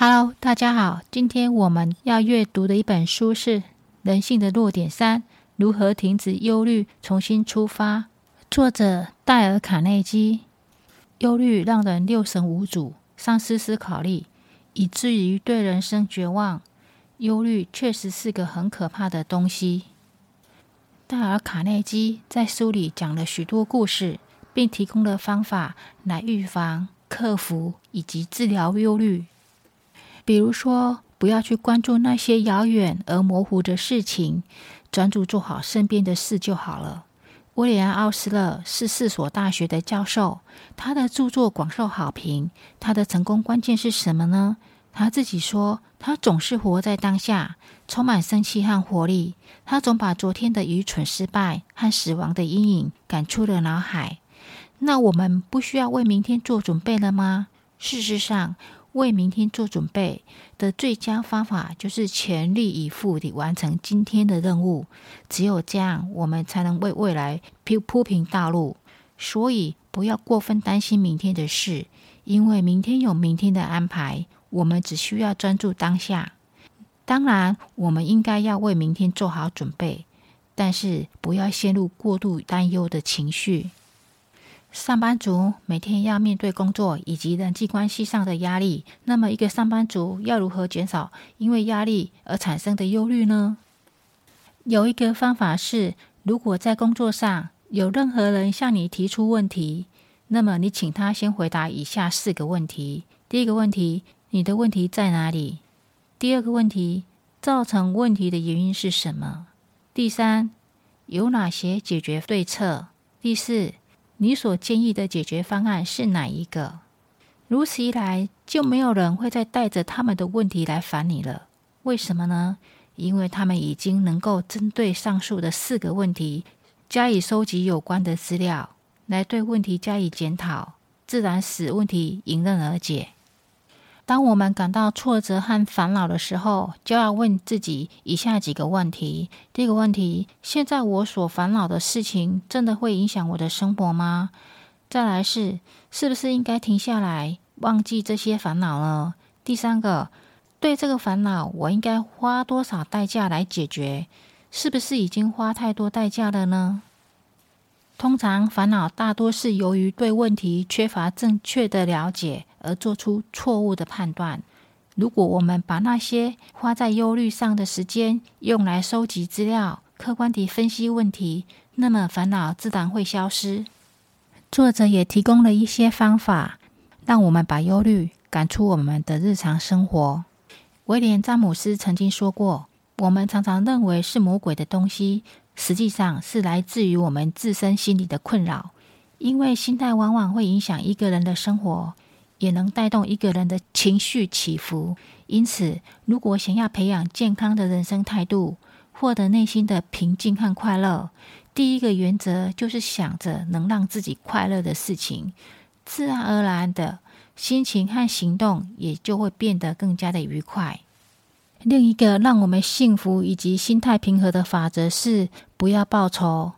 Hello，大家好。今天我們要閱讀的一本書是《人性的弱點三：如何停止憂慮，重新出發》。作者戴爾·卡內基。憂慮讓人六神無主，喪失思、思考力，以至於對人生絕望。憂慮確實是個很可怕的東西。戴爾·卡內基在書裡講了許多故事，並提供了方法來預防、克服以及治療憂慮。比如說，不要去關注那些遙遠而模糊的事情，專注做好身邊的事就好了。威廉·奧斯勒是四所大學的教授，他的著作廣受好評。他的成功關鍵是什麼呢？他自己說，他總是活在當下，充滿生氣和活力。他總把昨天的愚蠢、失敗和死亡的陰影趕出了腦海。那我們不需要為明天做準備了嗎？事實上，為明天做準備的最佳方法就是全力以赴地完成今天的任務。只有這樣，我們才能為未來鋪平道路。所以，不要過分擔心明天的事，因為明天有明天的安排。我們只需要專注當下。當然，我們應該要為明天做好準備，但是不要陷入過度擔憂的情緒。上班族每天要面對工作以及人際關係上的壓力，那麼一個上班族要如何減少因為壓力而產生的憂慮呢？有一個方法是，如果在工作上有任何人向你提出問題，那麼你請他先回答以下四個問題。第一個問題，你的問題在哪裡？第二個問題，造成問題的原因是什麼？第三，有哪些解決對策？第四。你所建議的解決方案是哪一個？如此一來，就沒有人會再帶着他們的問題來煩你了。為什麼呢？因為他們已經能夠針對上述的四個問題，加以收集有關的資料，來對問題加以檢討，自然使問題迎刃而解。當我們感到挫折和煩惱的時候，就要問自己以下幾個問題。第一個問題，現在我所煩惱的事情真的會影響我的生活嗎？再來是，是不是應該停下來忘記這些煩惱了？第三個，對這個煩惱我應該花多少代價來解決？是不是已經花太多代價了呢？通常煩惱大多是由於對問題缺乏正確的了解。而做出錯誤的判斷。如果我們把那些花在憂慮上的時間用來收集資料、客觀地分析問題，那麼煩惱自然會消失。作者也提供了一些方法，讓我們把憂慮趕出我們的日常生活。威廉·詹姆斯曾經說過：“我們常常認為是魔鬼的東西，實際上是來自於我們自身心理的困擾，因為心態往往會影響一個人的生活。”也能帶動一個人的情緒起伏，因此，如果想要培養健康的人生態度，獲得內心的平靜和快樂，第一個原則就是想着能讓自己快樂的事情，自然而然的心情和行動也就會變得更加的愉快。另一個讓我們幸福以及心態平和的法則是不要報仇，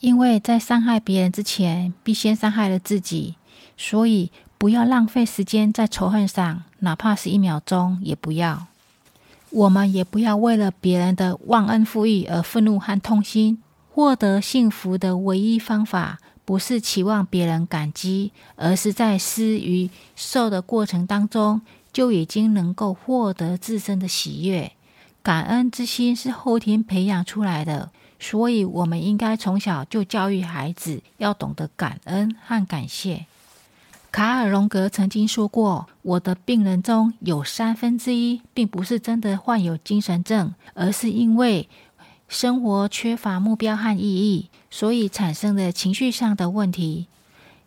因為在傷害別人之前，必先傷害了自己，所以，不要浪費時間在仇恨上，哪怕是一秒鐘也不要。我們也不要為了別人的忘恩負義而憤怒和痛心。獲得幸福的唯一方法，不是期望別人感激，而是在施與受的過程當中，就已經能夠獲得自身的喜悅。感恩之心是後天培養出來的，所以我們應該從小就教育孩子要懂得感恩和感謝。卡爾·榮格曾經說過：“我的病人中有三分之一並不是真的患有精神症，而是因為生活缺乏目標和意義，所以產生了情緒上的問題。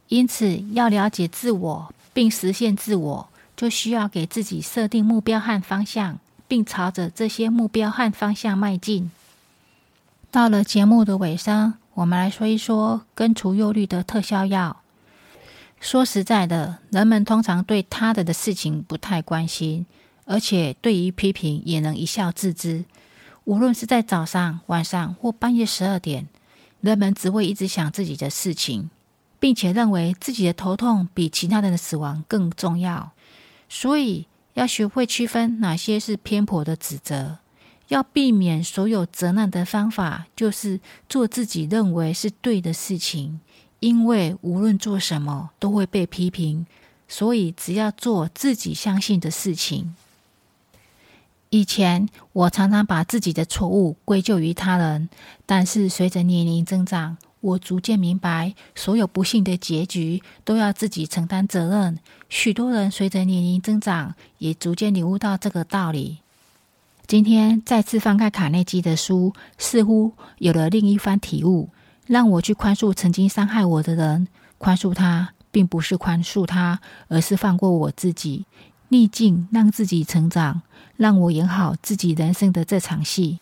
因此，要了解自我並實現自我，就需要給自己設定目標和方向，並朝着這些目標和方向邁進。”到了節目的尾聲，我們來說一說根除憂慮的特效藥。說實在的，人們通常對他的的事情不太關心，而且對於批評也能一笑置之。無論是在早上、晚上或半夜十二點，人們只會一直想自己的事情，並且認為自己的頭痛比其他人的死亡更重要。所以，要學會區分哪些是偏頗的指責，要避免所有責難的方法，就是做自己認為是對的事情。因為無論做什麼都會被批評，所以只要做自己相信的事情。以前我常常把自己的錯誤歸咎於他人，但是隨着年齡增長，我逐漸明白，所有不幸的結局都要自己承擔責任。許多人隨着年齡增長，也逐漸領悟到這個道理。今天再次翻開卡內基的書，似乎有了另一番體悟。讓我去寬恕曾經傷害我的人，寬恕他並不是寬恕他，而是放過我自己，逆境讓自己成長，讓我演好自己人生的這場戲。